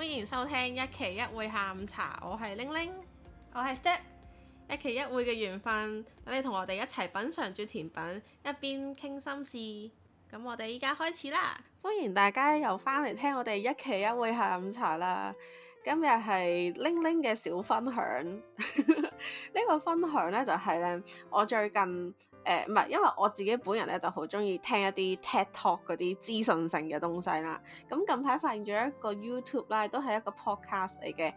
歡迎收聽一期一會下午茶，我係玲玲，我係是 Step，一期一會嘅緣分，等你同我哋一齊品嘗住甜品，一邊傾心事。咁我哋依家開始啦，歡迎大家又翻嚟聽我哋一期一會下午茶啦。今日係玲玲嘅小分享，呢 個分享呢，就係呢，我最近。誒唔係，因為我自己本人咧就好中意聽一啲 TED Talk 嗰啲資訊性嘅東西啦。咁近排發現咗一個 YouTube 啦，都係一個 podcast 嚟嘅。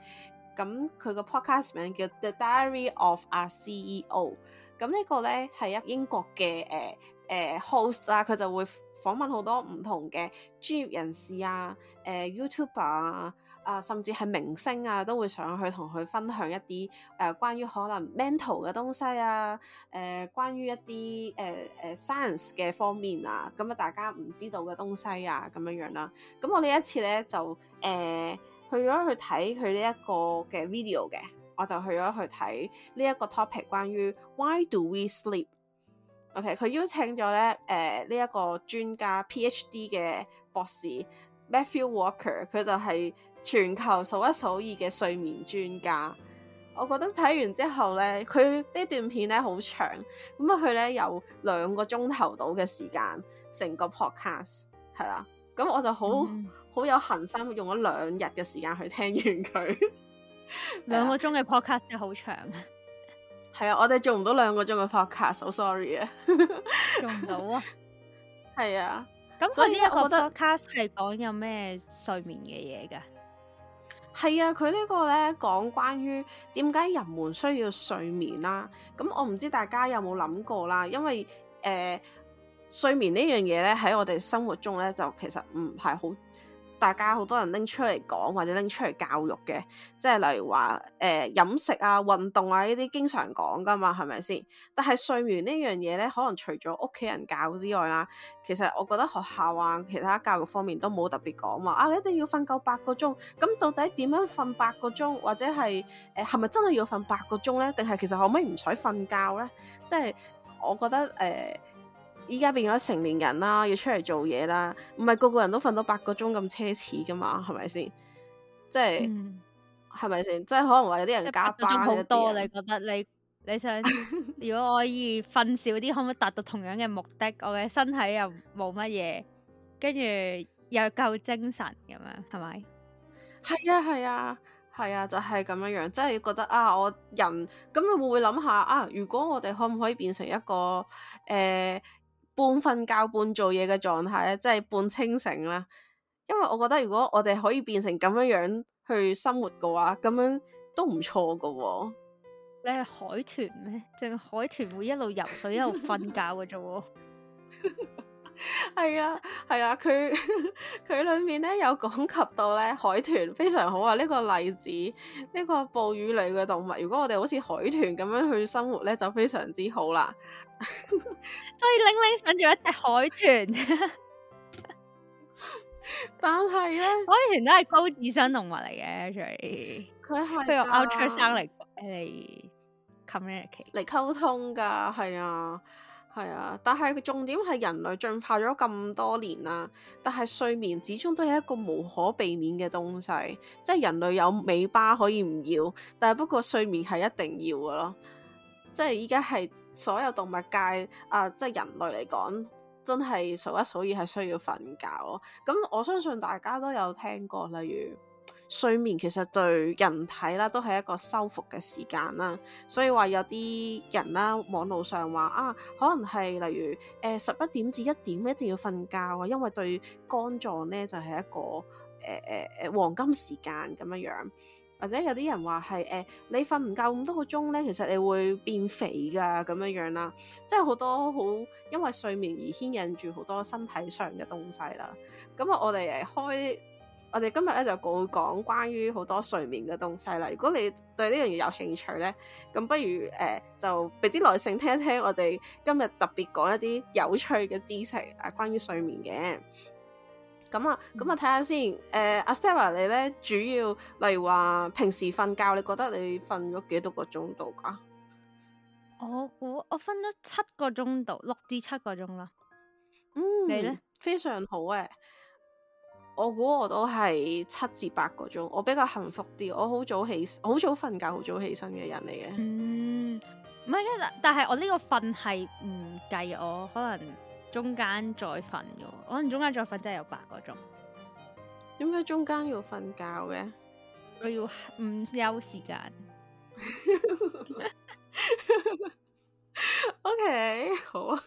咁佢個 podcast 名叫 The Diary of a CEO。咁呢個咧係一英國嘅誒誒 host 啦，佢就會訪問好多唔同嘅專業人士啊，誒、呃、YouTuber 啊。啊，甚至係明星啊，都會上去同佢分享一啲誒、呃、關於可能 mental 嘅東西啊，誒、呃、關於一啲誒誒 science 嘅方面啊，咁啊大家唔知道嘅東西啊，咁樣樣、啊、啦。咁我呢一次咧就誒、呃、去咗去睇佢呢一個嘅 video 嘅，我就去咗去睇呢一個 topic 關於 Why Do We Sleep？OK，、okay, 佢邀請咗咧誒呢一個專家 PhD 嘅博士。Matthew Walker 佢就係全球數一數二嘅睡眠專家，我覺得睇完之後咧，佢呢段片咧好長，咁啊佢咧有兩個鐘頭到嘅時間，成個 podcast 係啦，咁我就好好、嗯、有恒心用咗兩日嘅時間去聽完佢，兩 個鐘嘅 podcast 真係好長，係 啊，我哋做唔到兩個鐘嘅 podcast，so sorry 啊， 做唔到啊，係 啊。咁所以呢我覺得 podcast 係講有咩睡眠嘅嘢噶？係啊，佢呢個咧講關於點解人們需要睡眠啦、啊。咁我唔知大家有冇諗過啦，因為誒、呃、睡眠呢樣嘢咧喺我哋生活中咧就其實唔係好。大家好多人拎出嚟講，或者拎出嚟教育嘅，即係例如話誒、呃、飲食啊、運動啊呢啲經常講㗎嘛，係咪先？但係睡眠呢樣嘢咧，可能除咗屋企人教之外啦，其實我覺得學校啊、其他教育方面都冇特別講嘛。啊，你一定要瞓夠八個鐘，咁到底點樣瞓八個鐘，或者係誒係咪真係要瞓八個鐘咧？定係其實可唔可以唔使瞓覺咧？即、就、係、是、我覺得誒。呃依家變咗成，成年人啦，要出嚟做嘢啦，唔係個個人都瞓到八個鐘咁奢侈噶嘛？係咪先？即係係咪先？即係可能話有啲人加好多，你覺得你你想， 如果可以瞓少啲，可唔可以達到同樣嘅目的？我嘅身體又冇乜嘢，跟住又夠精神咁樣，係咪？係啊，係啊，係啊，啊，就係咁樣樣，即係覺得啊，我人咁你會唔會諗下啊？如果我哋可唔可以變成一個誒？呃半瞓覺半做嘢嘅狀態咧，即係半清醒啦。因為我覺得如果我哋可以變成咁樣樣去生活嘅話，咁樣都唔錯噶。你係海豚咩？淨係海豚會一路游水 一路瞓覺嘅啫。係啊，係啊，佢佢、啊、裏面咧有講及到咧海豚非常好啊。呢、這個例子，呢、這個哺乳類嘅動物，如果我哋好似海豚咁樣去生活咧，就非常之好啦、啊。 所以玲玲想做一隻海豚 但呢，但係咧，海豚都係高智商動物嚟嘅，所以佢係用 ultrasonic 嚟 communicate 嚟溝通噶係啊，係啊。但係重點係人類進化咗咁多年啦，但係睡眠始終都係一個無可避免嘅東西，即係人類有尾巴可以唔要，但係不過睡眠係一定要嘅咯，即係依家係。所有動物界啊，即係人類嚟講，真係數一數二係需要瞓覺咯。咁我相信大家都有聽過，例如睡眠其實對人體啦，都係一個修復嘅時間啦。所以話有啲人啦，網路上話啊，可能係例如誒十一點至一點一定要瞓覺啊，因為對肝臟咧就係一個誒誒誒黃金時間咁樣樣。或者有啲人話係誒，你瞓唔夠咁多個鐘咧，其實你會變肥噶咁樣樣啦，即係好多好因為睡眠而牽引住好多身體上嘅東西啦。咁、嗯、啊，我哋誒開我哋今日咧就講講關於好多睡眠嘅東西啦。如果你對呢樣嘢有興趣咧，咁不如誒、呃、就俾啲耐性聽一聽我哋今日特別講一啲有趣嘅知識啊，關於睡眠嘅。咁啊，咁啊、嗯，睇下先。誒、呃，阿 Sarah 你咧主要例如話平時瞓覺，你覺得你瞓咗幾多個鐘度噶？我估我瞓咗七個鐘度，六至七個鐘啦。嗯，你咧呢？非常好嘅。我估我都係七至八個鐘，我比較幸福啲。我好早起，好早瞓覺，好早起身嘅人嚟嘅。嗯，唔係，但係我呢個瞓係唔計我可能。中間再瞓嘅，可能中間再瞓真係有八個鐘。點解中間要瞓覺嘅？我要午休時間。 O Okay , K，好啊。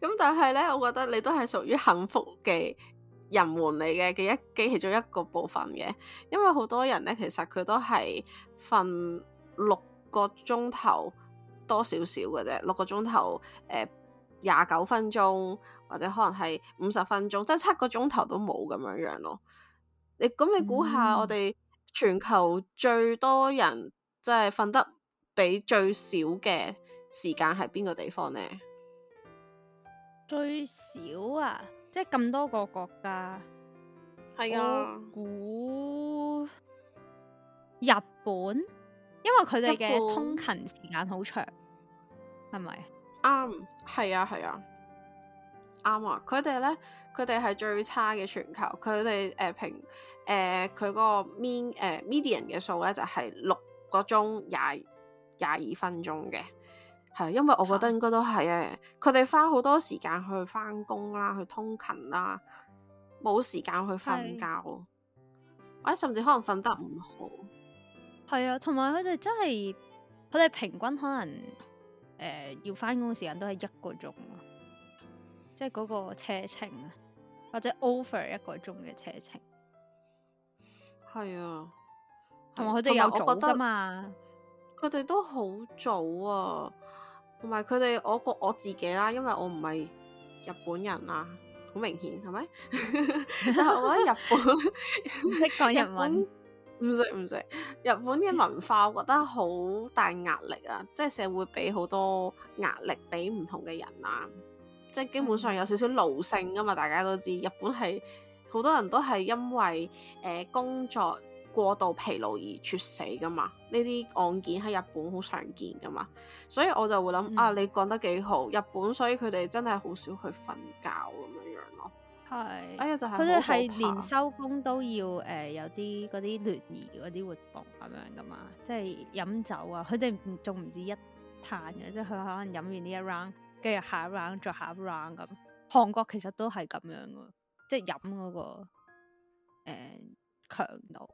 咁 但係咧，我覺得你都係屬於幸福嘅人羣嚟嘅嘅一嘅其中一個部分嘅，因為好多人咧，其實佢都係瞓六個鐘頭多少少嘅啫，六個鐘頭誒。呃廿九分鐘，或者可能係五十分鐘，即係七個鐘頭都冇咁樣樣咯。你，咁你估下，我哋全球最多人即係瞓得比最少嘅時間係邊個地方呢？最少啊，即係咁多個國家，係啊，我估日本，因為佢哋嘅通勤時間好長，係咪？日本？是啱，係、嗯、啊，係啊，啱、嗯、啊！佢哋咧，佢哋係最差嘅全球，佢哋誒平誒佢嗰個 mean 誒 median 嘅數咧就係、是、六個鐘廿廿二分鐘嘅，係，因為我覺得應該都係誒，佢哋花好多時間去返工啦，去通勤啦，冇時間去瞓覺，或者是甚至可能瞓得唔好，係啊，同埋佢哋真係佢哋平均可能。誒、呃，要翻工時間都係一個鐘即係嗰個車程啊，或者 over 一個鐘嘅車程，係啊，同埋佢哋有早噶嘛，佢哋都好早啊，同埋佢哋我覺我自己啦，因為我唔係日本人啊，好明顯係咪？ 但係我喺日本唔識講 日文。日唔食唔食，日本嘅文化，我覺得好大壓力啊！即係社會俾好多壓力俾唔同嘅人啊，即係基本上有少少奴性噶嘛，大家都知日本係好多人都係因為誒、呃、工作過度疲勞而猝死噶嘛，呢啲案件喺日本好常見噶嘛，所以我就會諗、嗯、啊，你講得幾好，日本所以佢哋真係好少去瞓覺咁樣。係，哎呀，就係佢哋係連收工都要誒有啲嗰啲聯誼嗰啲活動咁樣噶嘛，即係飲酒啊！佢哋仲唔止一攤嘅，即係佢可能飲完呢一 round，跟住下一 round，再下一 round 咁。韓國其實都係咁樣嘅，即係飲嗰個誒強度。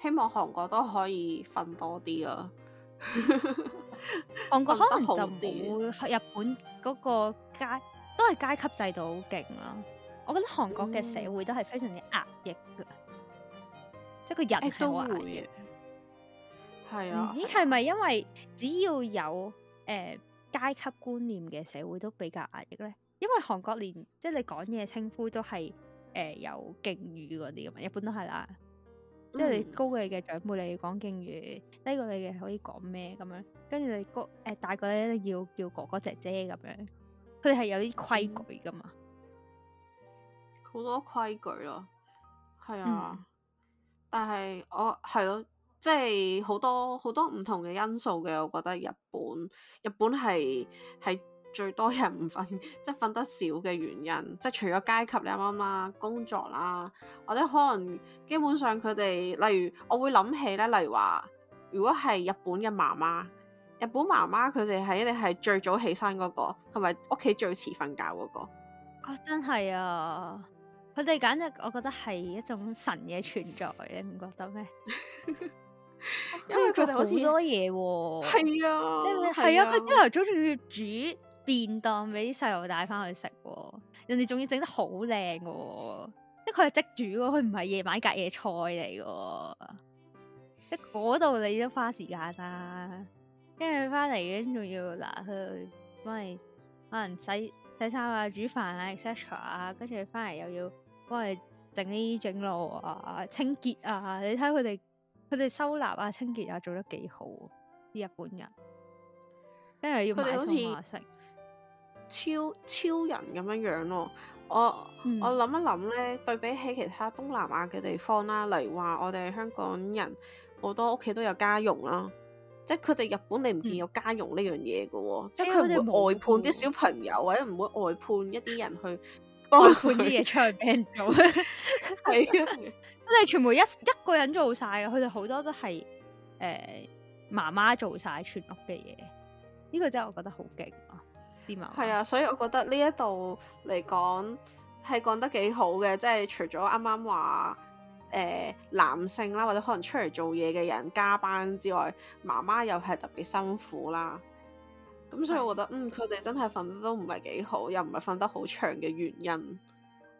希望韓國都可以瞓多啲啊。韓國可能就冇日本嗰個街。都係階級制度好勁啦！我覺得韓國嘅社會都係非常之壓抑嘅，即係、嗯、個人都好壓抑。係啊，咦，唔知係咪因為只要有誒階、呃、級觀念嘅社會都比較壓抑咧？因為韓國連即係你講嘢稱呼都係誒、呃、有敬語嗰啲咁啊，一般都係啦。即係、嗯、你高你嘅長輩，你講敬語；低過你嘅可以講咩咁樣？跟住你高誒、呃、大個咧要叫哥哥姐姐咁樣。佢哋係有啲規矩噶嘛，好多規矩咯，係啊。嗯、但係我係咯，即係好多好多唔同嘅因素嘅。我覺得日本日本係係最多人唔瞓，即係瞓得少嘅原因。即係除咗階級，你啱啱啦，工作啦，或者可能基本上佢哋，例如我會諗起咧，例如話如果係日本嘅媽媽。日本媽媽佢哋係一定係最早起身嗰個，同埋屋企最遲瞓覺嗰個。啊，真係啊！佢哋簡直我覺得係一種神嘅存在，你唔覺得咩？ 因為佢哋好多嘢，係啊，即係係啊，朝頭早仲要煮便當俾啲細路帶翻去食啊，人哋仲要整得好靚嘅，即係佢係即煮，佢唔係夜晚隔夜菜嚟嘅。即嗰度你都花時間啊！跟住翻嚟嘅仲要嗱，去，幫人幫人洗洗衫啊、煮飯啊、etcetera 啊，跟住翻嚟又要幫佢整呢整路啊、清潔啊，你睇佢哋佢哋收納啊、清潔又、啊、做得幾好，啲日本人。跟住要佢哋好似超超，超人咁樣樣咯、哦。我、嗯、我諗一諗咧，對比起其他東南亞嘅地方啦、啊，例如話我哋香港人好多屋企都有家傭啦、啊。即係佢哋日本，你唔見有家傭呢樣嘢嘅，嗯、即係佢會外判啲小朋友，或者唔會外判一啲人去幫佢判啲嘢出嚟俾人做。係 啊，佢哋 全部一一個人做晒嘅，佢哋好多都係誒媽媽做晒全屋嘅嘢。呢、這個真係我覺得好勁啊！啲媽係啊，所以我覺得呢一度嚟講係講得幾好嘅，即、就、係、是、除咗啱啱話。誒、呃，男性啦，或者可能出嚟做嘢嘅人加班之外，媽媽又係特別辛苦啦。咁所以我覺得，的嗯，佢哋真係瞓得都唔係幾好，又唔係瞓得好長嘅原因。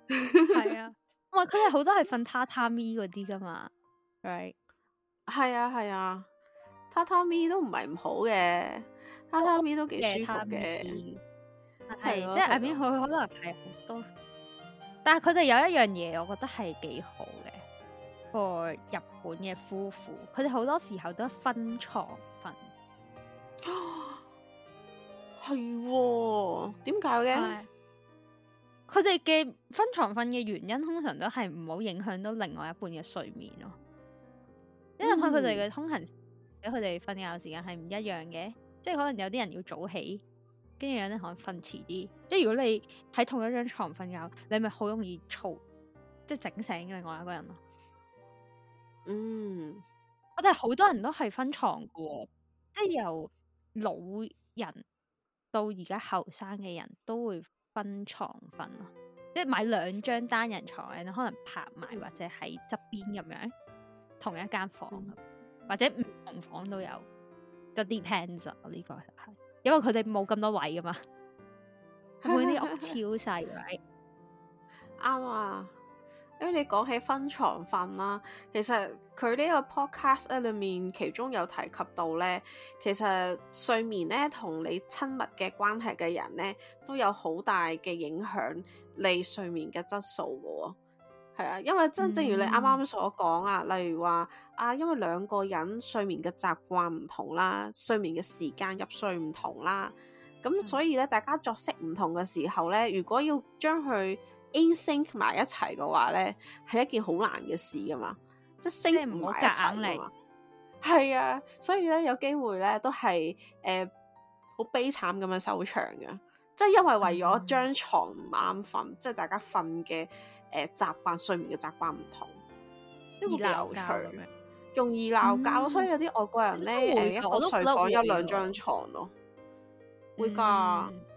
係啊的，哇！佢哋好多係瞓榻榻米嗰啲噶嘛，Right？係啊係啊，榻榻米都唔係唔好嘅，榻榻米都幾舒服嘅，係即係入邊佢可能係好多，但係佢哋有一樣嘢，我覺得係幾好。個日本嘅夫婦，佢哋好多時候都分床瞓，係點解嘅？佢哋嘅分床瞓嘅原因通常都係唔好影響到另外一半嘅睡眠咯，因為可能佢哋嘅通勤，佢哋瞓覺時間係唔一樣嘅， 即係可能有啲人要早起，跟住有啲可能瞓遲啲。即係如果你喺同一張床瞓覺，你咪好容易嘈，即係整醒另外一個人咯。嗯，我哋好多人都係分床嘅、哦，即係由老人到而家後生嘅人都會分床瞓咯、啊，即係買兩張單人床，可能拍埋或者喺側邊咁樣，同一間房，嗯、或者唔同房都有，就 depends 呢、這個係、就是，因為佢哋冇咁多位噶嘛，每啲屋超細，right？啱啊。因為你講起分床瞓啦、啊，其實佢呢個 podcast 咧裏面其中有提及到咧，其實睡眠咧同你親密嘅關係嘅人咧，都有好大嘅影響你睡眠嘅質素㗎喎、哦，係啊，因為真正如你啱啱所講啊，嗯、例如話啊，因為兩個人睡眠嘅習慣唔同啦，睡眠嘅時間入睡唔同啦，咁所以咧、嗯、大家作息唔同嘅時候咧，如果要將佢 In sync 埋一齊嘅話咧，係一件好難嘅事噶嘛，即係唔埋一齊嘅嘛。係啊，所以咧有機會咧都係誒好悲慘咁樣收場噶，即係因為為咗張床唔啱瞓，嗯、即係大家瞓嘅誒習慣睡眠嘅習慣唔同，好有趣容易鬧床、啊，容易鬧交，所以有啲外國人咧，誒一個睡房有兩張床咯，會噶。嗯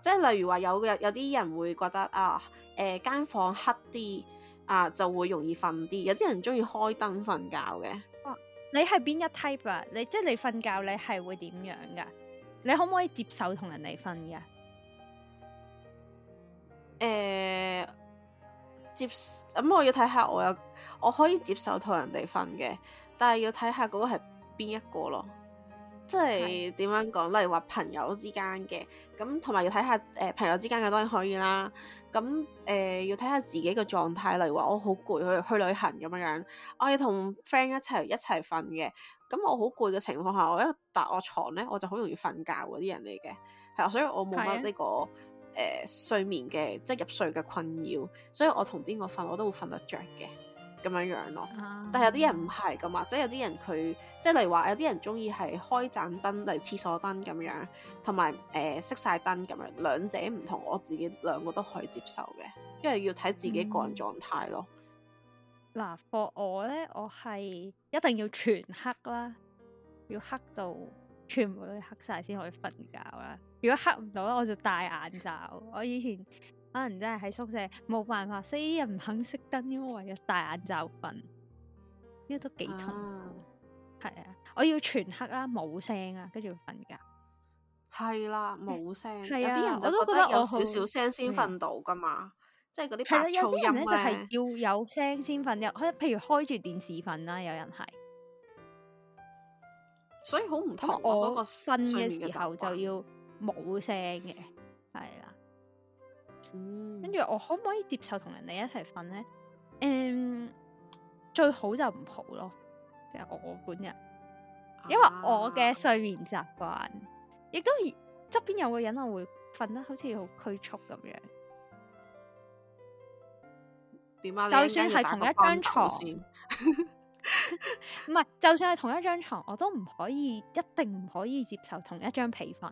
即係例如話有有啲人會覺得啊，誒、呃、間房黑啲啊就會容易瞓啲，有啲人中意開燈瞓覺嘅、哦。你係邊一 type 啊？你即係你瞓覺你係會點樣噶？你可唔可以接受同人哋瞓嘅？誒、呃，接咁、嗯、我要睇下我有我可以接受同人哋瞓嘅，但係要睇下嗰個係邊一個咯。即係點樣講？例如話朋友之間嘅，咁同埋要睇下誒、呃、朋友之間嘅當然可以啦。咁誒、呃、要睇下自己嘅狀態。例如話我好攰去去旅行咁樣樣，我要同 friend 一齊一齊瞓嘅。咁我好攰嘅情況下，我一搭我床咧，我就好容易瞓覺嗰啲人嚟嘅。係啊，所以我冇乜呢個誒、啊呃、睡眠嘅即係入睡嘅困擾，所以我同邊個瞓我都會瞓得着嘅。咁樣樣咯，但係有啲人唔係咁，或者有啲人佢，即係例如話有啲人中意係開盞燈，例如廁所燈咁樣，同埋誒熄晒燈咁樣，兩者唔同，我自己兩個都可以接受嘅，因為要睇自己個人狀態咯。嗱、嗯啊，我我咧，我係一定要全黑啦，要黑到全部都黑晒先可以瞓覺啦。如果黑唔到咧，我就戴眼罩。我以前。 可能真係喺宿舍冇辦法，死人唔肯熄燈，因為為咗戴眼罩瞓，呢個都幾重。係啊，我要全黑啦，冇聲啊，跟住瞓覺。係啦，冇聲。係啊啲人，我都覺得，覺得有少少聲先瞓到噶嘛，即係嗰啲有啲人咧，就係、是、要有聲先瞓入。開，譬如開住電視瞓啦，有人係。所以好唔同、啊。我身嘅時候就要冇聲嘅，係啦。 跟住、嗯、我可唔可以接受同人哋一齊瞓呢？誒、嗯，最好就唔好咯，即係我本人，因為我嘅睡眠習慣、亦、啊、都側邊有個人我會瞓得好似好拘束咁樣。點啊？就算係同一張床，唔係就算係同一張床，我都唔可以，一定唔可以接受同一張被瞓。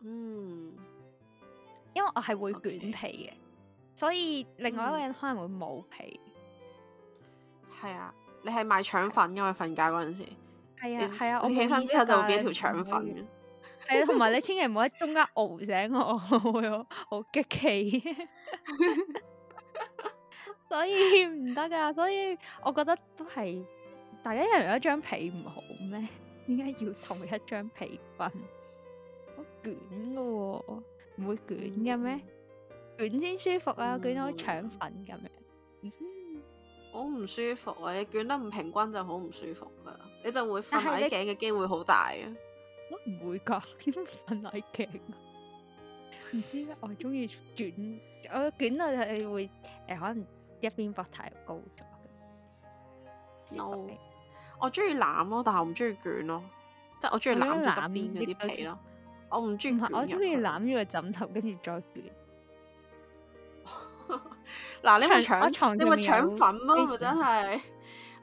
嗯。因為我係會捲被嘅，所以另外一個人可能會冇被。係、嗯、啊，你係賣腸粉，因為我瞓覺嗰陣時。係啊，係你啊，我起身之後就會俾條腸粉。係 啊，同埋你千祈唔好喺中間熬醒我，我好激氣。所以唔得噶，所以我覺得都係大家一人一張被唔好咩？點解要同一張被瞓？我捲噶、啊。唔會捲嘅咩？捲先舒服啊！捲到腸粉咁樣，好唔舒服啊！你捲得唔平均就好唔舒服噶，你就會瞓捩頸嘅機會好大啊！我唔會噶，點解瞓捩頸？唔知啦，我中意捲，我捲到係會誒，可能一邊膊太高咗。我我中意攬咯，但係我唔中意捲咯，即係我中意攬住側邊嗰啲皮咯。我唔轉拍，我中意攬住個枕頭，跟住再捲。嗱， 你咪搶長床，你咪腸粉咯，咪真係。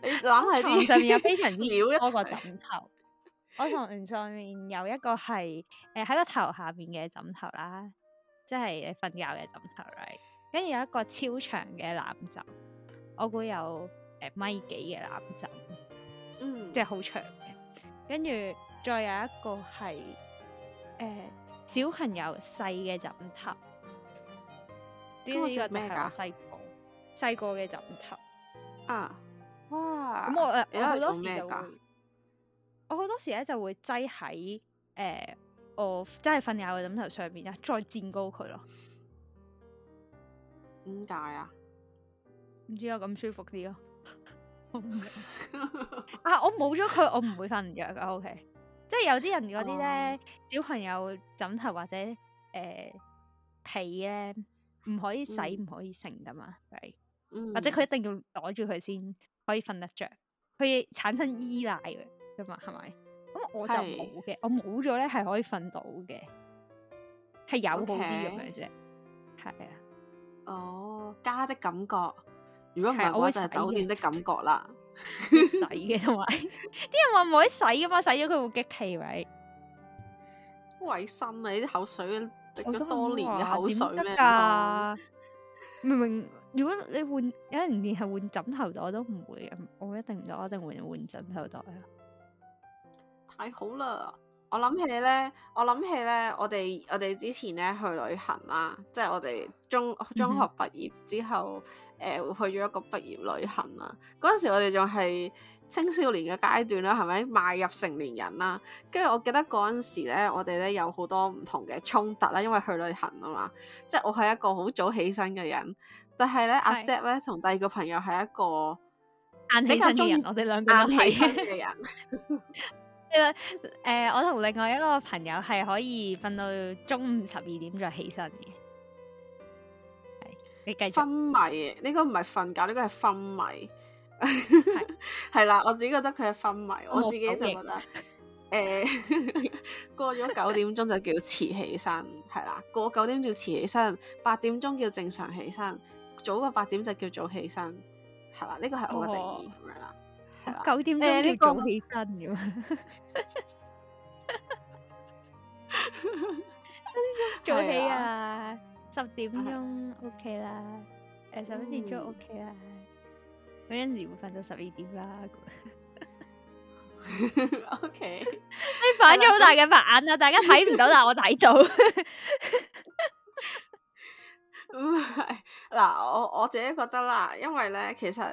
你攬喺床上面有非常之多個枕頭。 我床上面有一個係誒喺個頭下邊嘅枕頭啦，即係你瞓覺嘅枕頭嚟。right? 跟住有一個超長嘅攬枕，我估有誒米幾嘅攬枕，嗯，即係好長嘅。跟住再有一個係。誒、嗯，小朋友細嘅枕頭，呢個係細個細個嘅枕頭。啊，哇！咁我誒，我好多時就會，我好多時咧就會擠喺誒我真係瞓覺嘅枕頭上面啊，再墊高佢咯。點解啊？唔知有咁舒服啲咯。 怕 啊，我冇咗佢，我唔會瞓唔着噶。O、okay、K。即係有啲人嗰啲咧，Oh. 小朋友枕頭或者誒被咧唔可以洗，唔、嗯、可以剩噶嘛，嗯、或者佢一定要攞住佢先可以瞓得着，佢產生依賴嘅，噶嘛係咪？咁我就冇嘅，是我冇咗咧係可以瞓到嘅，係有嗰啲咁樣啫，係啊 Okay. 是。哦，家的感覺，如果唔係嘅就係酒店的感覺啦。洗嘅，同埋啲人話唔可以洗噶嘛，洗咗佢會激氣喂，好衛生啊！呢啲口水，咗多年嘅口水咩？ 啊、 明明？如果你換有人連係換枕頭袋，我都唔會，我一定唔，我一定換換枕頭袋。太好啦！我諗起咧，我諗起咧，我哋我哋之前咧去旅行啦，即係我哋中中學畢業之後。嗯誒去咗一個畢業旅行啦，嗰陣時我哋仲係青少年嘅階段啦，係咪？邁入成年人啦，跟住我記得嗰陣時咧，我哋咧有好多唔同嘅衝突啦，因為去旅行啊嘛。即係我係一個好早起身嘅人，但係咧阿 Step 咧同第二個朋友係一個晏起身嘅人，我哋兩個晏起身嘅人。誒、 呃，我同另外一個朋友係可以瞓到中午十二點再起身嘅。你計昏迷，呢、這個唔係瞓覺，呢、這個係昏迷，係 啦是。 我自己覺得佢係昏迷，oh, 我自己就覺得，誒 okay.、欸， 過咗九點鐘就，就叫遲起身，係啦。過九點叫遲起身，八點鐘叫正常起身，早過八點就叫早起身，係啦。呢個係我嘅定義咁樣啦，九點鐘叫早起身早起啊！ 十點鐘、啊、OK 啦，誒，十一點鐘 OK 啦，有陣時會瞓到十二點啦。OK，你反咗好大嘅反啊！大家睇唔到，但我睇到。咁係，嗱，我我自己覺得啦，因為咧，其實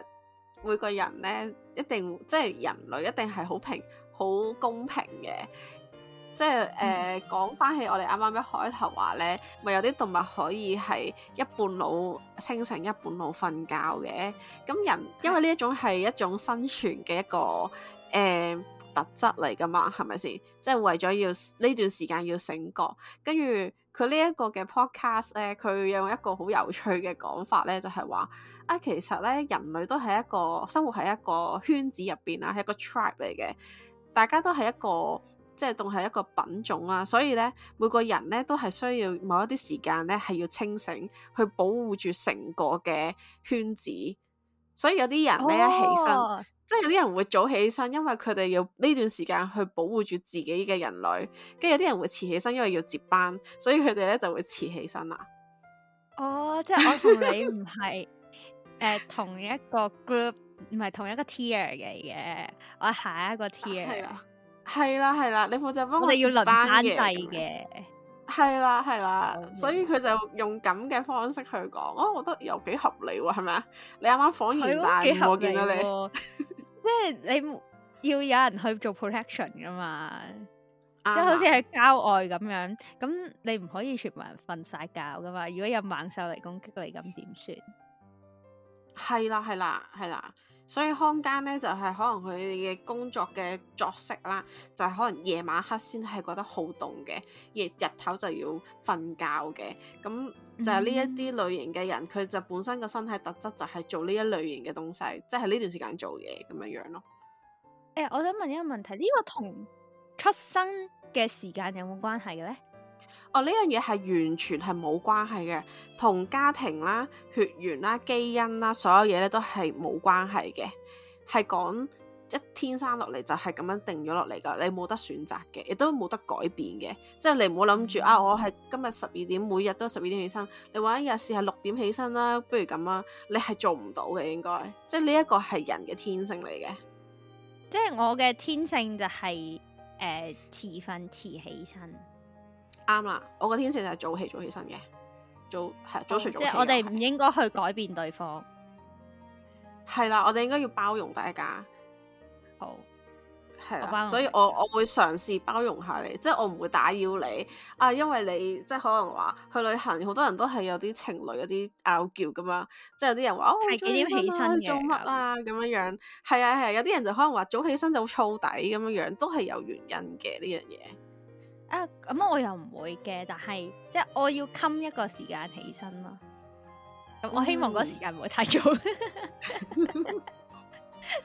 每個人咧一定即係人類一定係好平好公平嘅。即係誒講翻起我哋啱啱一開頭話咧，咪有啲動物可以係一半腦清醒，一半腦瞓覺嘅。咁人因為呢一種係一種生存嘅一個誒、呃、特質嚟噶嘛，係咪先？即係為咗要呢段時間要醒覺，跟住佢呢一個嘅 podcast 咧，佢用一個好有趣嘅講法咧，就係、是、話啊，其實咧人類都係一個生活喺一個圈子入邊啦，係一個 tribe 嚟嘅，大家都係一個。即係當係一個品種啦，所以咧，每個人咧都係需要某一啲時間咧係要清醒，去保護住成個嘅圈子。所以有啲人咧、哦、一起身，即係有啲人會早起身，因為佢哋要呢段時間去保護住自己嘅人類。跟住有啲人會遲起身，因為要接班，所以佢哋咧就會遲起身啦。哦，即係我同你唔係誒同一個 group，唔係同一個 tier 嚟嘅，我下一個 tier。啊。係啦係啦，你負責幫我哋要接班嘅，係啦係啦，的所以佢就用咁嘅方式去講、哦，我覺得又幾合理喎，係咪啊？你啱啱恍然大悟，我見到你， 即係你要有人去做 protection 噶嘛， 即係好似喺郊外咁樣，咁你唔可以全部人瞓晒覺噶嘛？如果有猛獸嚟攻擊你，咁點算？係啦係啦係啦。所以看更咧就係、是、可能佢哋嘅工作嘅作息啦，就係、是、可能夜晚黑先係覺得好凍嘅，日日頭就要瞓覺嘅，咁就係呢一啲類型嘅人，佢、嗯嗯、就本身個身體特質就係做呢一類型嘅東西，即係呢段時間做嘢咁樣樣咯。誒、欸，我想問一個問題，呢、這個同出生嘅時間有冇關係嘅咧？哦，呢樣嘢係完全係冇關係嘅，同家庭啦、血緣啦、基因啦，所有嘢咧都係冇關係嘅，係講一天生落嚟就係咁樣定咗落嚟㗎，你冇得選擇嘅，亦都冇得改變嘅，即係你唔好諗住啊，我係今日十二點，每日都十二點起身，你話一日試下六點起身啦，不如咁啊，你係做唔到嘅，應該即係呢一個係人嘅天性嚟嘅，即係我嘅天性就係誒遲瞓遲起身。啱啦，我個天使就係早起早起身嘅，早係早睡早起，就是哦。即係我哋唔應該去改變對方，係啦，我哋應該要包容大家。好係啦，的所以我我會嘗試包容下你，即係我唔會打擾你啊，因為你即係可能話去旅行，好多人都係有啲情侶有啲拗撬㗎嘛，即係有啲人話哦，幾點起身嘅，做乜啊咁樣對樣，係啊係啊，有啲人就可能話早起身就好燥底咁樣樣，都係有原因嘅呢樣嘢。啊，咁我又唔會嘅，但係即係我要襟一個時間起身咯。咁我希望嗰時間唔會太早。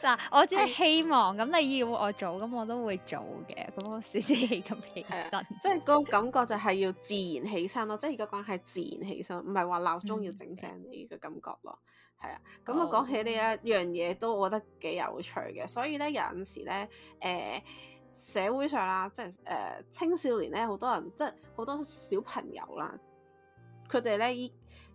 嗱， 我只係希望，咁是你要我做，咁我都會做嘅。咁我少少氣咁起身，嗯、 即係嗰感覺就係要自然起身咯。即係而家講係自然起身，唔係話鬧鐘要整醒你嘅感覺咯。係、嗯、啊，咁我講起呢一樣嘢，都我覺得幾有趣嘅。所以咧，有陣時咧，誒、呃。嗯嗯社會上啦，即係誒、呃、青少年咧，好多人即係好多小朋友啦，佢哋咧依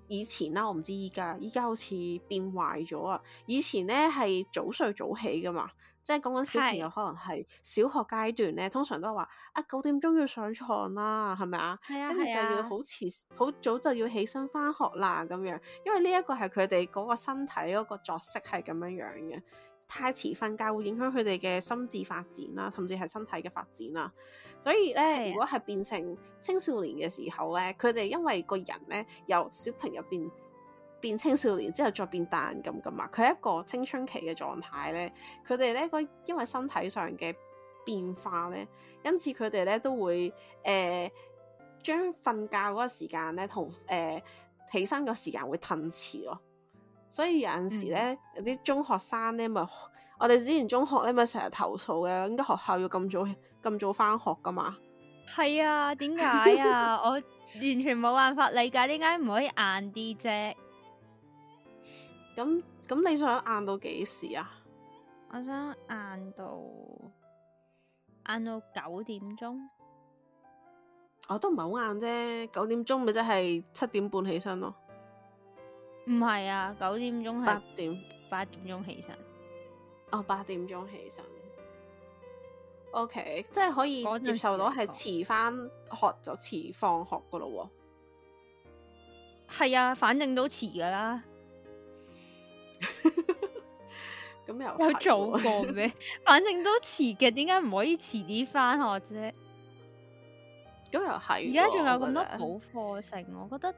以前啦，我唔知依家，依家好似變壞咗啊！以前咧係早睡早起噶嘛，即係講緊小朋友，可能係小學階段咧，通常都話啊九點鐘要上床啦，係咪啊？係啊，跟住就要好遲好早就要起身返學啦咁樣，因為呢一個係佢哋嗰個身體嗰個作息係咁樣樣嘅。太遲瞓覺會影響佢哋嘅心智發展啦，甚至係身體嘅發展啦。所以咧，的如果係變成青少年嘅時候咧，佢哋因為個人咧由小朋友變,變青少年之後再變大人咁噶嘛，佢係一個青春期嘅狀態咧。佢哋咧個因為身體上嘅變化咧，因此佢哋咧都會誒、呃、將瞓覺嗰個時間咧同誒起身個時間會褪遲咯。所以有陣時咧，嗯、有啲中學生咧，咪我哋之前中學咧，咪成日投訴嘅，應該學校要咁早咁早返學噶嘛？係啊，點解啊？ 我完全冇辦法理解，點解唔可以晏啲啫？咁咁你想晏到幾時啊？我想晏到晏到九點鐘。我都唔係好晏啫，九點鐘咪即係七點半起身咯。唔係啊，九點鐘係八點八點鐘起身、oh,，哦八點鐘起身，OK，即係可以接受到係遲翻學就遲放學噶咯、啊，係啊，反正都遲噶啦，咁又有早過咩？ 反正都遲嘅，點解唔可以遲啲翻學啫？咁 又係，而家仲有咁多補課程，我覺得。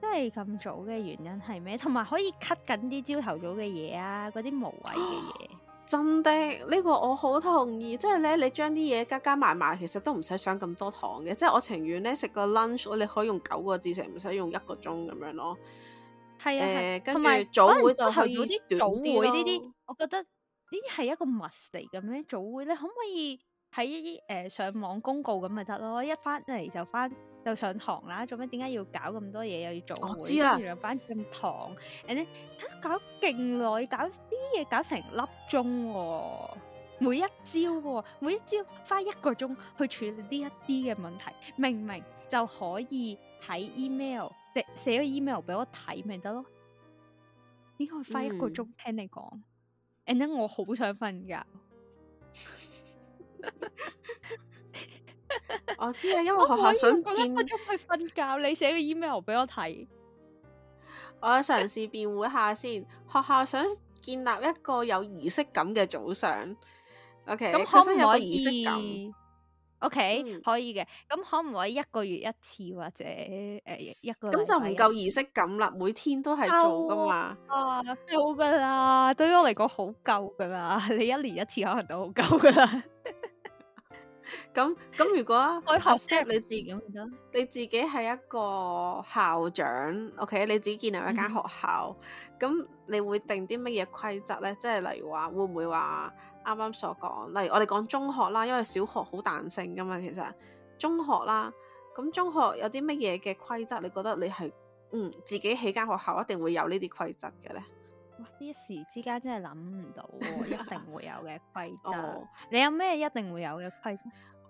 即係咁早嘅原因係咩？同埋可以 cut 緊啲朝頭早嘅嘢啊，嗰啲無謂嘅嘢。真的，呢、這個我好同意。即係咧，你將啲嘢加加埋埋，其實都唔使上咁多堂嘅。即、就、係、是、我情願咧食個 lunch，你可以用九個字成，唔使用,用一個鐘咁樣咯。係啊，同埋、呃啊、早會可能就可啲。早會呢啲，我覺得呢啲係一個密 u 嚟嘅咩？早會咧可唔可以？喺一啲誒上網公告咁咪得咯，一翻嚟就翻就上堂啦。做咩？點解要搞咁多嘢又要做會？我知啦。原來班咁堂，and 咧搞勁耐，搞啲嘢搞，搞成粒鐘喎。每一朝喎、哦，每一朝花一個鐘去處理呢一啲嘅問題，明明就可以睇 email 寫寫個 email 俾我睇，咪得咯。點解花一個鐘聽你講、嗯、？and 我好想瞓覺。 我知啊，因為學校我想見我准去瞓覺，你寫個 email 俾我睇。 我嘗試辯護下先，學校想建立一個有儀式感嘅早上。O K，咁可唔可以儀式感？O Okay , K，、嗯、可以嘅。咁可唔可以一個月一次或者誒、呃、一個,個月？咁就唔夠儀式感啦，每天都係做噶嘛。啊，夠噶啦，對於我嚟講好夠噶啦。你一年一次可能都好夠噶啦。 咁咁， 如果 step, 你自己 你自己係一個校長，OK，你自己建立一間學校，咁 你會定啲乜嘢規則咧？即係例如話會唔會話啱啱所講，例如我哋講中學啦，因為小學好彈性噶嘛。其實中學啦，咁中學有啲乜嘢嘅規則？你覺得你係嗯自己起間學校一定會有呢啲規則嘅咧？呢一時之間真係諗唔到， 一定會有嘅規則。哦、你有咩一定會有嘅規則？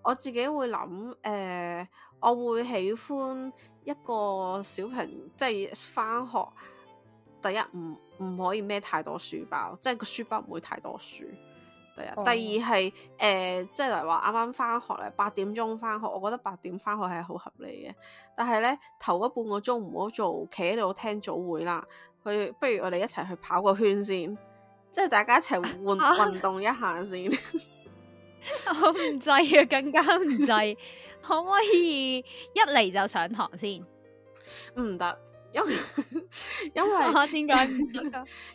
我自己會諗，誒、呃，我會喜歡一個小平，即係返學。第一唔唔可以孭太多書包，即係個書包唔會太多書。對 oh. 第二係誒、呃，即係話啱啱翻學咧，八點鐘翻學，我覺得八點翻學係好合理嘅。但係咧，頭嗰半個鐘唔好做，企喺度聽早會啦。佢不如我哋一齊去跑個圈先，即係大家一齊換運動一下先。 我唔制啊，更加唔制。可唔 可以一嚟就上堂先？唔得，嗯。因 因為點解？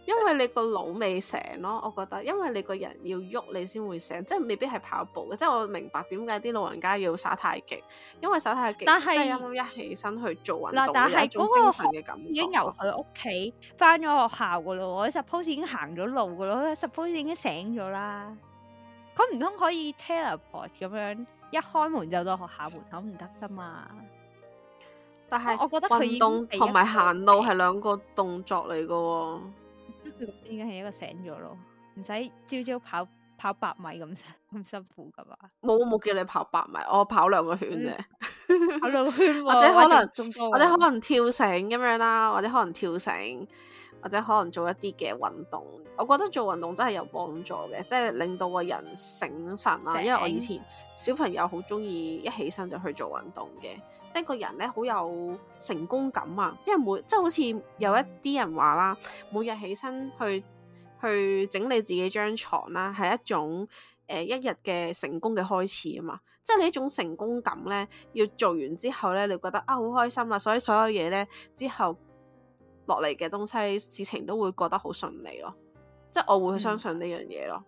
因為你個腦未醒咯，我覺得，因為你個人要喐你先會醒，即係未必係跑步嘅。即係我明白點解啲老人家要耍太極，因為耍太極但係啱啱一起身去做運動但是有一種精神嘅感覺。已經由佢屋企返咗學校噶啦，我 suppose 已經行咗路噶啦，suppose 已經醒咗啦。佢唔通可以 teleport 咁樣一開門就到學校門口唔得噶嘛？ 但係，我覺得運動同埋行路係兩個動作嚟嘅、哦。咁佢應該係一個醒咗咯，唔使朝朝跑跑百米咁辛咁辛苦噶嘛。冇冇、嗯、叫你跑百米，我跑兩個圈啫、嗯。跑兩圈、啊， 或者可能、啊或者可能，或者可能跳繩咁樣啦，或者可能跳繩，或者可能做一啲嘅運動。我覺得做運動真係有幫助嘅，即係令到個人醒神啦、啊。醒因為我以前小朋友好中意一起身就去做運動嘅。即係個人咧，好有成功感啊！即係每，即係好似有一啲人話啦，每日起身去去整理自己張床啦，係一種誒、呃、一日嘅成功嘅開始啊嘛！即係呢種成功感咧，要做完之後咧，你會覺得啊好開心啦，所以所有嘢咧之後落嚟嘅東西事情都會覺得好順利咯。即係我會相信呢樣嘢咯。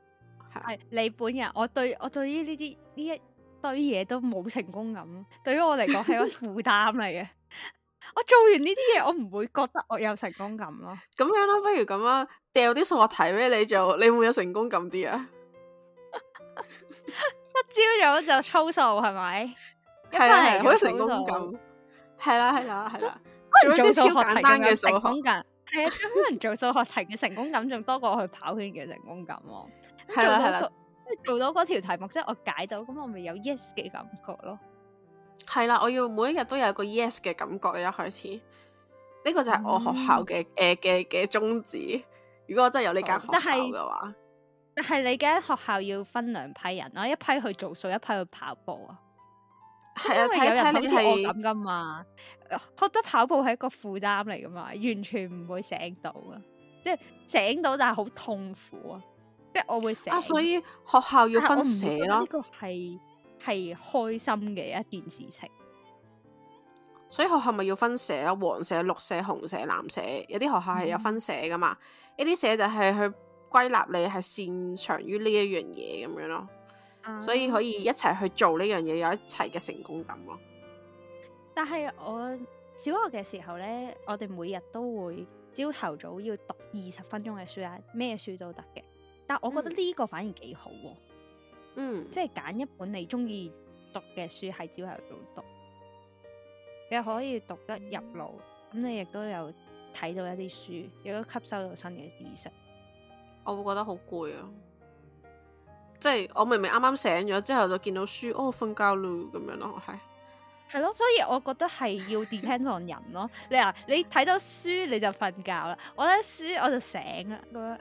係、嗯、是你本人，我對我對於呢啲呢一。堆嘢都冇成功感，對於我嚟講係個負擔嚟嘅。我， 我做完呢啲嘢，我唔會覺得我有成功感咯。咁樣啦，不如咁啦，掉啲數學題俾你做，你會有，有成功感啲啊？ 一朝早就操數係咪？係好 的成功感。係啦，係啦，係啦，做數學題嘅成功感，係 啊，可能做數學題嘅成功感仲多過去跑圈嘅成功感啊。係啦。 做到嗰條題目，即係我解到，咁我咪有 yes 嘅感覺咯。係啦，我要每一日都有個 yes 嘅感覺。一開始呢、這個就係我學校嘅、嗯、誒嘅嘅宗旨。如果我真係有呢間學校嘅話，但係你嘅學校要分兩批人咯、啊，一批去做數，一批去跑步啊。啊因為有人好似看我咁噶嘛，覺得是跑步係一個負擔嚟噶嘛，完全唔會醒到啊，即係醒到但係好痛苦啊。即係我會寫啊，所以學校要分社咯，係係、啊、開心嘅一件事情。所以學校咪要分社咯，黃社、綠社、紅社、藍社，有啲學校係有分社噶嘛。呢啲社就係去歸納你係擅長於呢一樣嘢咁樣咯，嗯、所以可以一齊去做呢樣嘢，有一齊嘅成功感咯。但係我小學嘅時候咧，我哋每日都會朝頭早要讀二十分鐘嘅書啊，咩書都得嘅。但我覺得呢個反而幾好喎，嗯，即係揀一本你中意讀嘅書喺自習度讀，你可以讀得入腦，咁你亦都有睇到一啲書，亦都吸收到新嘅知識。我會覺得好攰啊，即係我明明啱啱醒咗之後就見到書，哦，瞓覺咯咁樣咯、啊，係係咯，所以我覺得係要 depend on 人咯。你啊，你睇到書你就瞓覺啦，我睇書我就醒啦咁樣。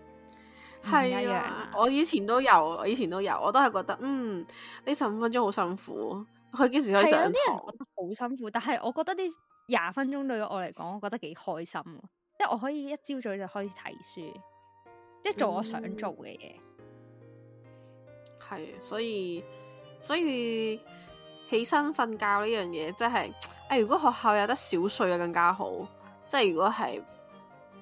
係啊，我以前都有，我以前都有，我都係覺得嗯呢十五分鐘好辛苦。佢幾時去上，啊、人覺得好辛苦，但係我覺得呢廿分鐘對於我嚟講，我覺得幾開心，即係我可以一朝早就開始睇書，即係做我想做嘅嘢。係、嗯，所以所以，所以起身瞓覺呢樣嘢即係，誒、哎，如果學校有得小睡啊，更加好。即係如果係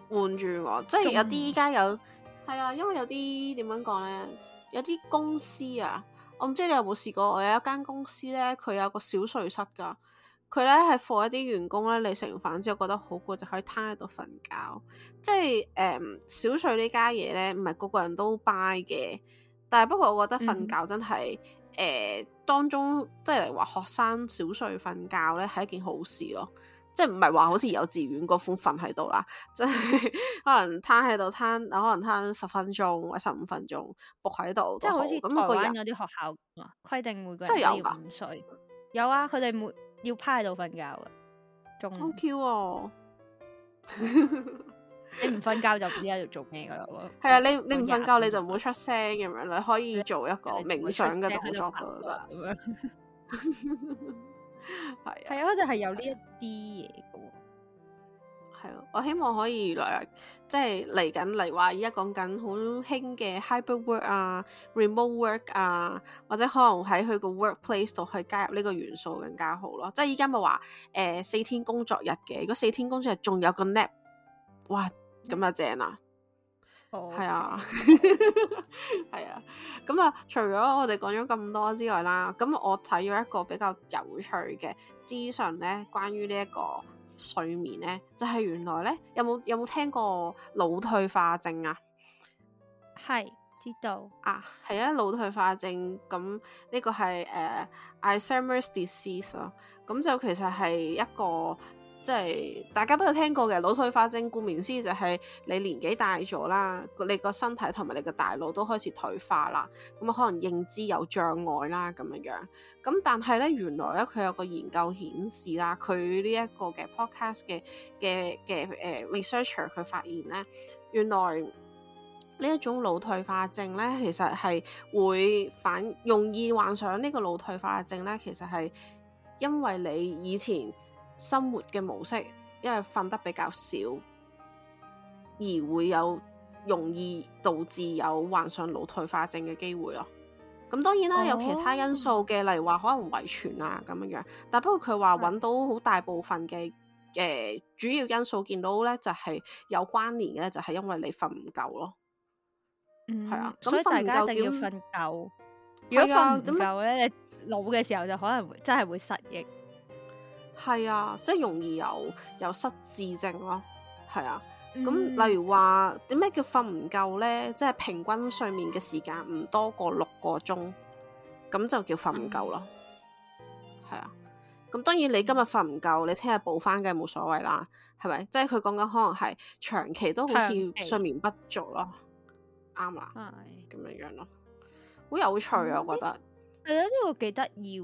換住我，更即係有啲依家有。係啊，因為有啲點樣講呢？有啲公司啊，我唔知你有冇試過，我有一間公司呢，佢有個小睡室噶，佢呢係放一啲員工呢，你食完飯之後覺得好攰，就可以攤喺度瞓覺，即係誒、嗯、小睡呢家嘢呢，唔係個個人都 buy 嘅，但係不過我覺得瞓覺真係誒、嗯呃、當中，即係嚟話學生小睡瞓覺呢係一件好事咯。即係唔係話好似幼稚園嗰款瞓喺度啦，即係 可能攤喺度攤，可能攤十分鐘或十五分鐘，伏喺度。即係好似台灣嗰啲學校規定每個人午睡。真係有噶。有啊，佢哋要趴喺度瞓覺嘅，仲好 Q、哦、 啊！你唔瞓覺就唔知喺度做咩噶啦。係啊，你你唔瞓覺 你就唔好出聲，咁樣你可以做一個冥想嘅動作都得。 係係 啊，就係有呢一啲嘢嘅，係咯。我希望可以來即係嚟緊嚟話，而家講緊好興嘅 hybrid work 啊、remote work 啊，或者可能喺佢個 workplace 度去加入呢個元素更加好咯。即係依家咪話誒四天工作日嘅，如果四天工作日仲有個 nap，哇咁就正啦、啊。嗯哦，係、oh, 啊，係 staple fits into Elena 啊，咁 tutoring 啊，除咗我哋講咗咁多之外啦，咁我睇咗一個比較有趣嘅資訊咧，關於呢一個睡眠咧，就係原來咧，有冇有冇聽過腦退化症啊？係知道啊，係啊，腦退化症，咁、嗯、呢、這個係誒 Alzheimer's disease 咯，咁就其實係一個。即係大家都有聽過嘅腦退化症，顧名思義就係你年紀大咗啦，你個身體同埋你個大腦都開始退化啦，咁、嗯、啊可能認知有障礙啦咁樣樣。咁、嗯、但係咧，原來咧，佢有個研究顯示啦，佢呢一個嘅 podcast 嘅嘅嘅誒 researcher 佢發現咧，原來呢一種腦退化症咧，其實係會反容易患上呢個腦退化症咧，其實係因為你以前生活嘅模式，因為瞓得比較少，而會有容易導致有患上腦退化症嘅機會咯。咁當然啦，哦、有其他因素嘅，例如話可能遺傳啊咁樣樣。但不過佢話揾到好大部分嘅誒、嗯呃、主要因素，見到咧就係、是、有關聯嘅，就係因為你瞓唔夠咯。嗯，係啊，所以大家一定要瞓夠。如果瞓唔夠咧，你老嘅時候就可能真係會失憶。係啊，即係容易有有失智症咯，係啊。咁、嗯、例如話點咩叫瞓唔夠咧？即係平均睡眠嘅時間唔多過六個鐘，咁就叫瞓唔夠咯。係、嗯、啊，咁當然你今日瞓唔夠，你聽日補翻嘅冇所謂啦，係咪？即係佢講緊可能係長期都好似睡眠不足咯，啱啦，係，咁樣樣咯，好有趣啊，嗯、我覺得係、這、啊、個，呢個幾得意。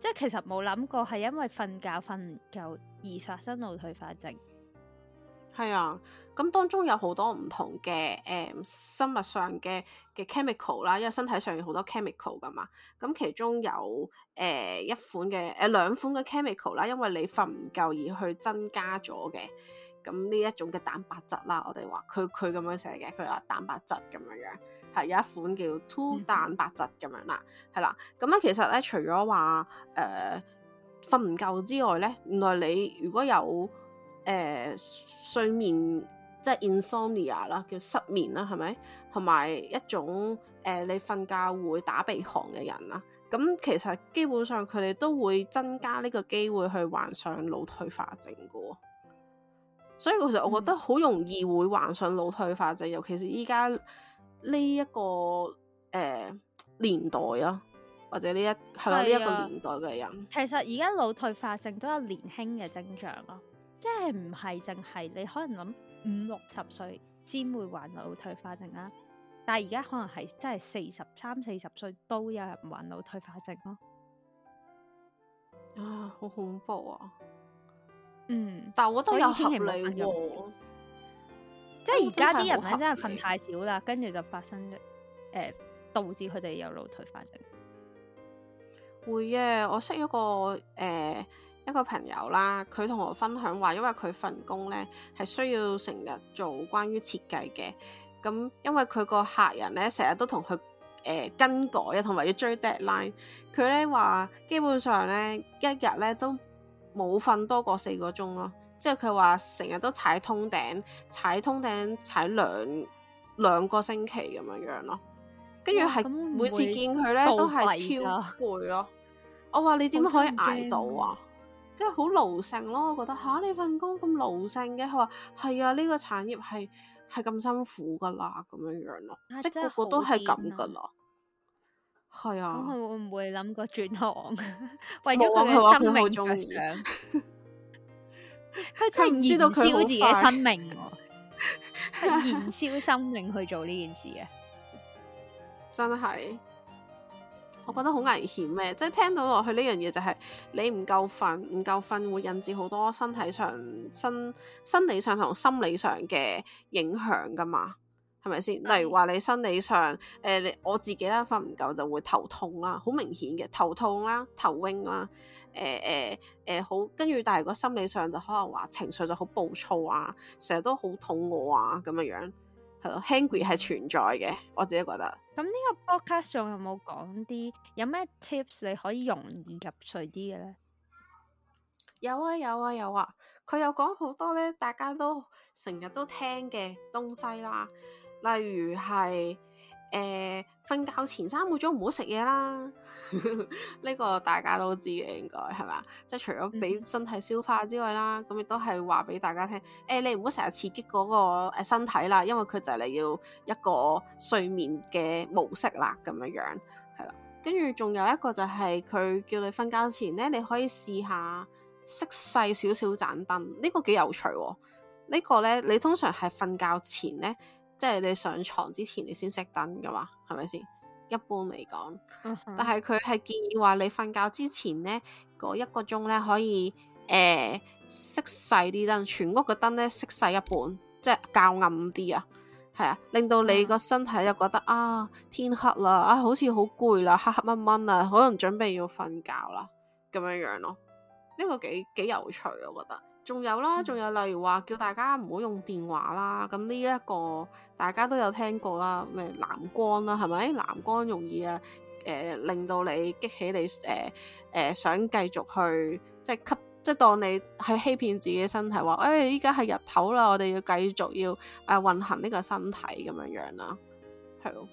即係其實冇諗過係因為瞓覺瞓唔夠而發生腦退化症。係啊，咁當中有好多唔同嘅誒、呃、生物上嘅嘅 chemical 啦，因為身體上有好多 chemical 噶嘛。咁其中有誒一款嘅誒兩款嘅 chemical 啦，因為你瞓唔夠而去增加咗嘅。咁呢、嗯、一種嘅蛋白質啦，我哋話佢佢咁樣寫嘅，佢話蛋白質咁樣樣係有一款叫 two、嗯、蛋白質咁樣啦，係啦。咁咧其實咧，除咗話誒瞓唔夠之外咧，原來你如果有誒、呃、睡眠即係 insomnia 啦，叫失眠啦，係咪？同埋一種誒、呃、你瞓覺會打鼻鼾嘅人啦，咁其實基本上佢哋都會增加呢個機會去患上腦退化症㗎喎。所以其實我覺得好容易會患上腦退化症，嗯、尤其是依家呢一個誒、呃、年代啊，或者呢一係啦呢一個年代嘅人、啊。其實而家腦退化症都有年輕嘅症狀咯、啊，即係唔係淨係你可能諗五六十歲先會患腦退化症啦、啊，但係而家可能係真係四十三四十歲都有人患腦退化症咯、啊。啊，好恐怖啊！嗯，但我都有合理喎、哦，即係而家啲人咧真係瞓太少啦，跟住就發生咗誒、呃，導致佢哋有腦退化症。會啊，我識一個誒、呃、一個朋友啦，佢同我分享話，因為佢份工咧係需要成日做關於設計嘅，咁因為佢個客人咧成日都同佢誒更改啊，同埋要追 deadline，佢咧話基本上咧一日咧都。冇瞓多過四個鐘咯，即係佢話成日都踩通頂，踩通頂踩兩兩個星期咁樣樣咯，跟住係每次見佢咧都係超攰咯。我話你點可以挨到啊？跟住好勞性咯，我覺得吓你份工咁勞性嘅。佢話係啊，呢個產業係係咁辛苦噶啦，咁樣樣咯，即係個個都係咁噶啦。啊啊係啊，會唔會諗過轉行？為咗佢嘅生命嘅想，佢真係燃燒自己嘅生命，燃燒生命去做呢件事啊！真係，我覺得好危險咧。即係聽到落去呢樣嘢，就係你唔夠瞓，唔夠瞓會引致好多身體上、身身理上同心理上嘅影響噶嘛。係咪先？例如話你生理上，誒、呃，你我自己咧瞓唔夠就會頭痛啦、呃呃呃，好明顯嘅頭痛啦、頭暈啦，誒誒誒，好跟住。但係如果心理上就可能話情緒就好暴躁啊，成日都好肚餓啊，咁嘅樣係咯。Hangry、嗯、 係存在嘅，我自己覺得。咁呢個 podcast 上有冇講啲有咩 tips 你可以容易入睡啲嘅咧？有啊，有啊，有啊，佢有講好多咧，大家都成日都聽嘅東西啦。例如係誒瞓覺前三個鐘唔好食嘢啦，呢 個大家都知嘅應該係嘛？即係除咗俾身體消化之外啦，咁亦、嗯、都係話俾大家聽誒、欸，你唔好成日刺激嗰個身體啦，因為佢就係你要一個睡眠嘅模式啦，咁樣樣係啦。跟住仲有一個就係、是、佢叫你瞓覺前咧，你可以試下熄細少少盞燈，呢、這個幾有趣喎、哦。這個、呢個咧，你通常係瞓覺前咧。即係你上床之前，你先熄燈噶嘛，係咪先？一般嚟講，嗯、哼但係佢係建議話你瞓覺之前咧，嗰一個鐘咧可以誒熄細啲燈，全屋嘅燈咧熄細一半，即係較暗啲啊，係啊，令到你個身體又覺得、嗯、啊天黑啦，啊好似好攰啦，黑黑掹掹啊，可能準備要瞓覺啦，咁樣樣咯，呢、這個幾幾有趣，我覺得。仲有啦，仲有例如話叫大家唔好用電話啦，咁呢一個大家都有聽過啦，咩藍光啦，係咪？藍光容易啊，誒、呃、令到你激起你誒誒、呃呃、想繼續去即係吸，即係當你去欺騙自己身體話，誒依家係日頭啦，我哋要繼續要誒運行呢個身體咁樣樣啦，係咯。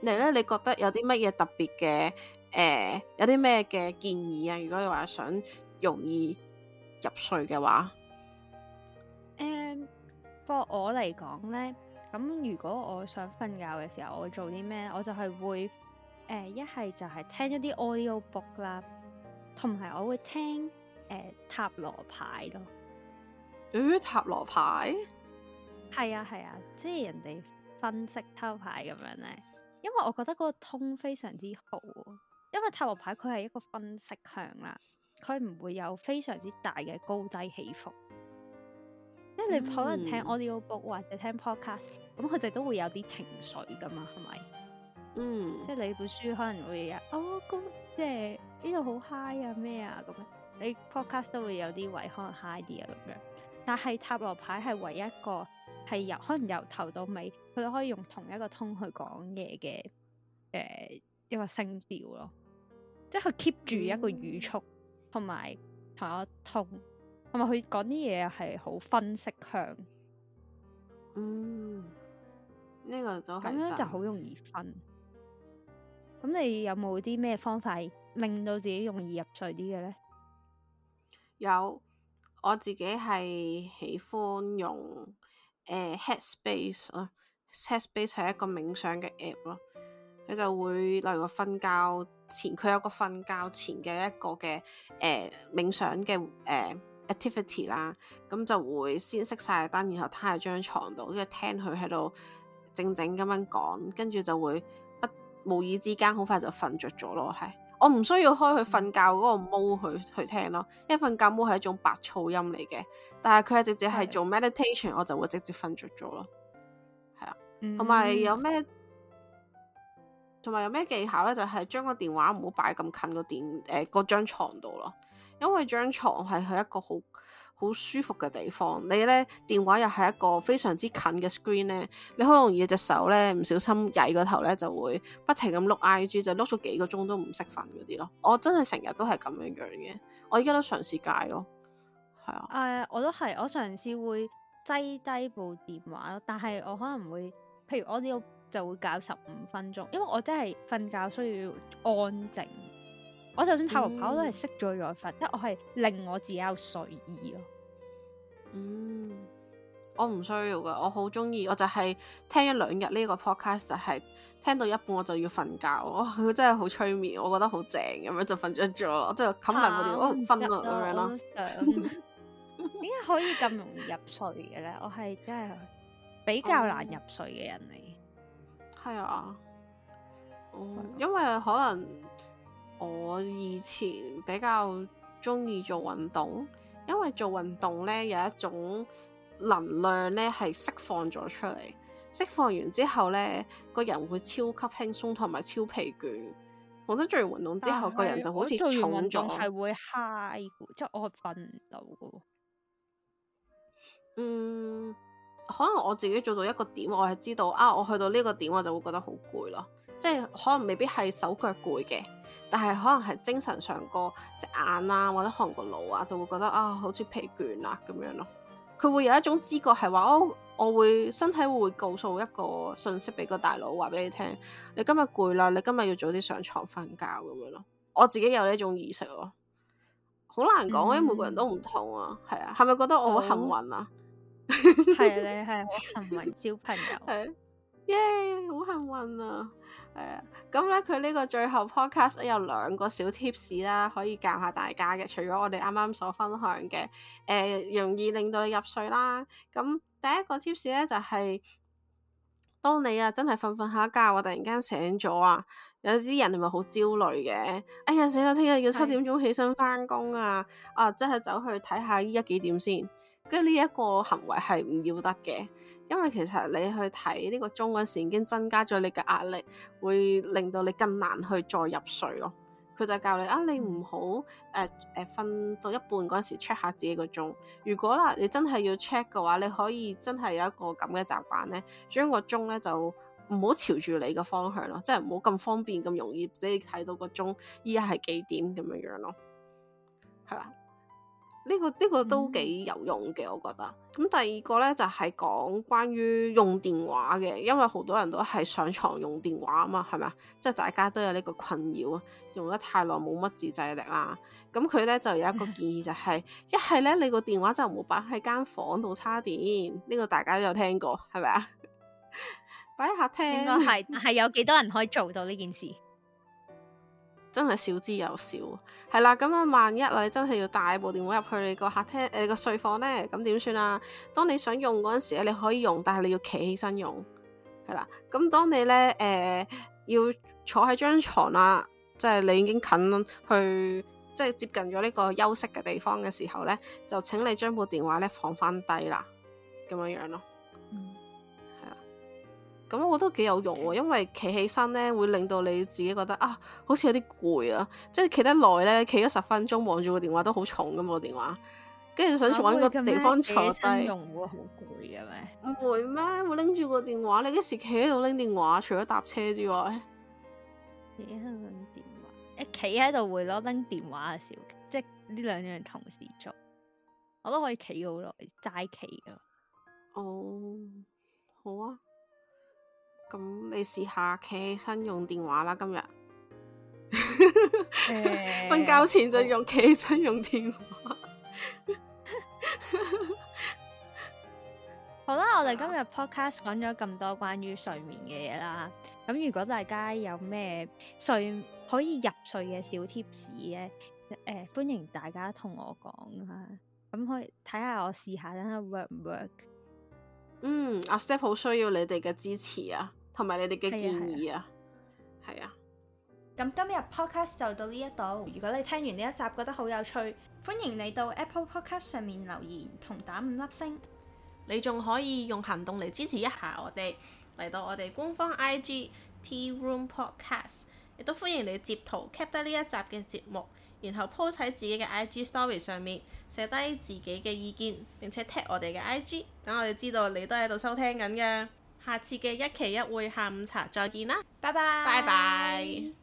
你咧，你覺得有啲乜嘢特別嘅？誒、呃，有啲咩嘅建議啊？如果你話想容易。入睡嘅話，誒、嗯，不過我嚟講咧，咁如果我想瞓覺嘅時候，我會做啲咩？我就係會誒，一、呃、係就係聽一啲 audio book 啦，同埋我會聽、呃、塔羅牌咯。誒、欸，塔羅牌係啊係啊，即係人哋分析偷牌咁樣咧，因為我覺得嗰個通非常之好，因為塔羅牌佢係一個分析向啦。佢唔會有非常之大嘅高低起伏，即係你可能聽 audio book 或者聽 podcast 咁、嗯，佢哋都會有啲情緒㗎嘛，係咪？嗯，即係你本書可能會有哦，咁即係呢度好 high 啊，咩啊咁樣。你 podcast 都會有啲位可能 high 啲啊咁樣，但係塔羅牌係唯一一個係由可能由頭到尾佢哋可以用同一個 tone 去講嘢嘅，誒、呃、一個聲調咯，即係佢 keep 住一個語速、嗯。嗯。同埋同我通，同埋佢講啲嘢係好分析向，嗯，呢、這個就係咁樣就好容易瞓。咁你有冇啲咩方法令到自己容易入睡啲嘅咧？有，我自己係喜歡用誒、呃、Headspace 咯、啊，Headspace 係一個冥想嘅 app 咯、啊，佢就會例如我瞓覺。前佢有個瞓覺前嘅一個嘅誒、呃、冥想嘅誒、呃、activity 啦，咁就會先熄晒燈，然後躺喺張床度，跟住聽佢喺度靜靜咁樣講，跟住就會不無意之間好快就瞓着咗咯。係，我唔需要開佢瞓覺嗰個 mode 去去聽咯，因為瞓覺 mode 係一種白噪音嚟嘅，但係佢係直接係做 meditation，的我就會直接瞓着咗咯。係啊，同埋、mm hmm。有咩？同埋有咩技巧咧？就係將個電話唔好擺咁近個電誒張、呃、床度咯，因為張床係係一個好好舒服嘅地方。你咧電話又係一個非常之近嘅 screen 咧，你好容易隻手咧唔小心曳個頭咧就會不停咁碌 IG，就碌咗幾個鐘都唔識瞓嗰啲咯。我真係成日都係咁樣樣嘅，我依家都嘗試戒咯，係啊。誒、呃，我都係，我嘗試會擠低部電話咯，但係我可能會，譬如我要。就會搞十五分鐘，因為我真係瞓覺需要安靜。我就算跑步跑、嗯、都係熄咗再瞓，即係我係令我自己有睡意咯。嗯，我唔需要噶，我好中意，我就係聽一兩日呢個 podcast 就係聽到一半我就要瞓覺，哇佢真係好催眠，我覺得好正咁樣就瞓着咗咯，即係冚埋我哋，我瞓啦咁樣咯。點解想 可以咁容易入睡嘅咧？我係真係比較難入睡嘅人嚟。嗯係啊、嗯，因為可能我以前比較中意做運動，因為做運動咧有一種能量咧係釋放咗出嚟，釋放完之後咧個人會超級輕鬆同埋超疲倦。我真做完運動之後是個人就好似重咗，係會 high，即係我係瞓唔到嘅。嗯。可能我自己做到一個點，我係知道啊，我去到呢個點，我就會覺得好攰咯。即係可能未必係手腳攰嘅，但係可能係精神上個隻眼啊，或者可能個腦啊，就會覺得啊，好似疲倦啦、啊、咁樣咯。佢會有一種知覺係話、哦，我我會身體會告訴一個信息俾個大腦話俾你聽，你今日攰啦，你今日要早啲上床瞓覺咁樣咯。我自己有呢種意識咯、啊，好難講，嗯、因為每個人都唔同啊，係啊，係咪、嗯、覺得我好幸運啊？係啊你係好幸運小朋友，係耶好幸運啊！係啊，咁咧佢呢個最後 podcast 有兩個小 tips 啦，可以教下大家嘅。除咗我哋啱啱所分享嘅，誒、呃，容易令到你入睡啦。咁第一個 tips 咧就係、是，當你啊真係瞓瞓下覺，我突然間醒咗啊，有啲人係咪好焦慮嘅？哎呀死啦，聽日要七點鐘起身返工啊！的啊，即係走去睇下依家幾點先。跟呢一個行為係唔要得嘅，因為其實你去睇呢個鐘嗰時已經增加咗你嘅壓力，會令到你更難去再入睡咯。佢就教你啊，你唔好誒誒瞓到一半嗰時 check 下自己個鐘。如果啦，你真係要 check 嘅話，你可以真係有一個咁嘅習慣咧，將個鐘咧就唔好朝住你嘅方向咯，即係唔好咁方便、咁容易俾你睇到個鐘依家係幾點咁樣樣咯，係啦。呢個呢個都幾有用嘅，我覺得。咁第二個咧就係講關於用電話嘅，因為好多人都係上床用電話啊嘛，係咪啊？即係大家都有呢個困擾，用得太耐冇乜自制力啦。咁佢咧就有一個建議就係，一係咧你個電話就唔好擺喺間房度插電，呢個大家都有聽過係咪啊？擺喺客廳， 應該係係有幾多人可以做到呢件事？真係少之又少，係啦。咁啊，萬一你真係要帶部電話入去你個客廳誒個睡房呢，咁點算啊？當你想用嗰陣時咧，你可以用，但係你要企起身用係啦。咁當你呢，誒、呃、要坐喺張床啦，即係你已經近去，即係接近咗呢個休息嘅地方嘅時候呢，就請你將部電話呢放翻低啦，咁樣樣咯。咁我覺得幾有用，因為企起身咧會令到你自己覺得啊，好似有啲攰啊，即係企得耐咧，企咗十分鐘，望住個電話都好重噶嘛，電話，跟住想搵個地方坐低。企是起身用喎，好攰嘅咩？唔會咩？會拎住個電話，你幾時企喺度拎電話，除咗搭車之外，企喺度拎電話，一企喺度會攞拎電話嘅時候，即係呢兩樣同時做，我都可以企好耐，齋企噶。哦，oh, 好啊。咁你試下企起身用電話啦，今日瞓、 uh, 覺前就用企起身用電話。 好啦，我哋今日 podcast 講咗咁多關於睡眠嘅嘢啦。咁如果大家有咩睡可以入睡嘅小貼士咧，誒、呃，歡迎大家同我講啊。咁可以睇下我試下等下 work 唔 work。嗯，阿 Step 好需要你哋嘅支持啊！同埋你哋嘅建議啊，係啊。咁今日 podcast 就到呢一度。如果你聽完呢一集覺得好有趣，歡迎你到 Apple Podcast 上面留言同打五粒星。你仲可以用行動嚟支持一下我哋嚟到我哋官方 I G Tea Room Podcast，亦都歡迎你截圖 cap 得呢一集嘅節目，然後 po 喺自己嘅 I G Story 上面寫低自己嘅意見，並且 tag 我哋嘅 I G，等我哋知道你都喺度收聽緊嘅。下次嘅一期一會下午茶再見啦，拜拜，拜拜。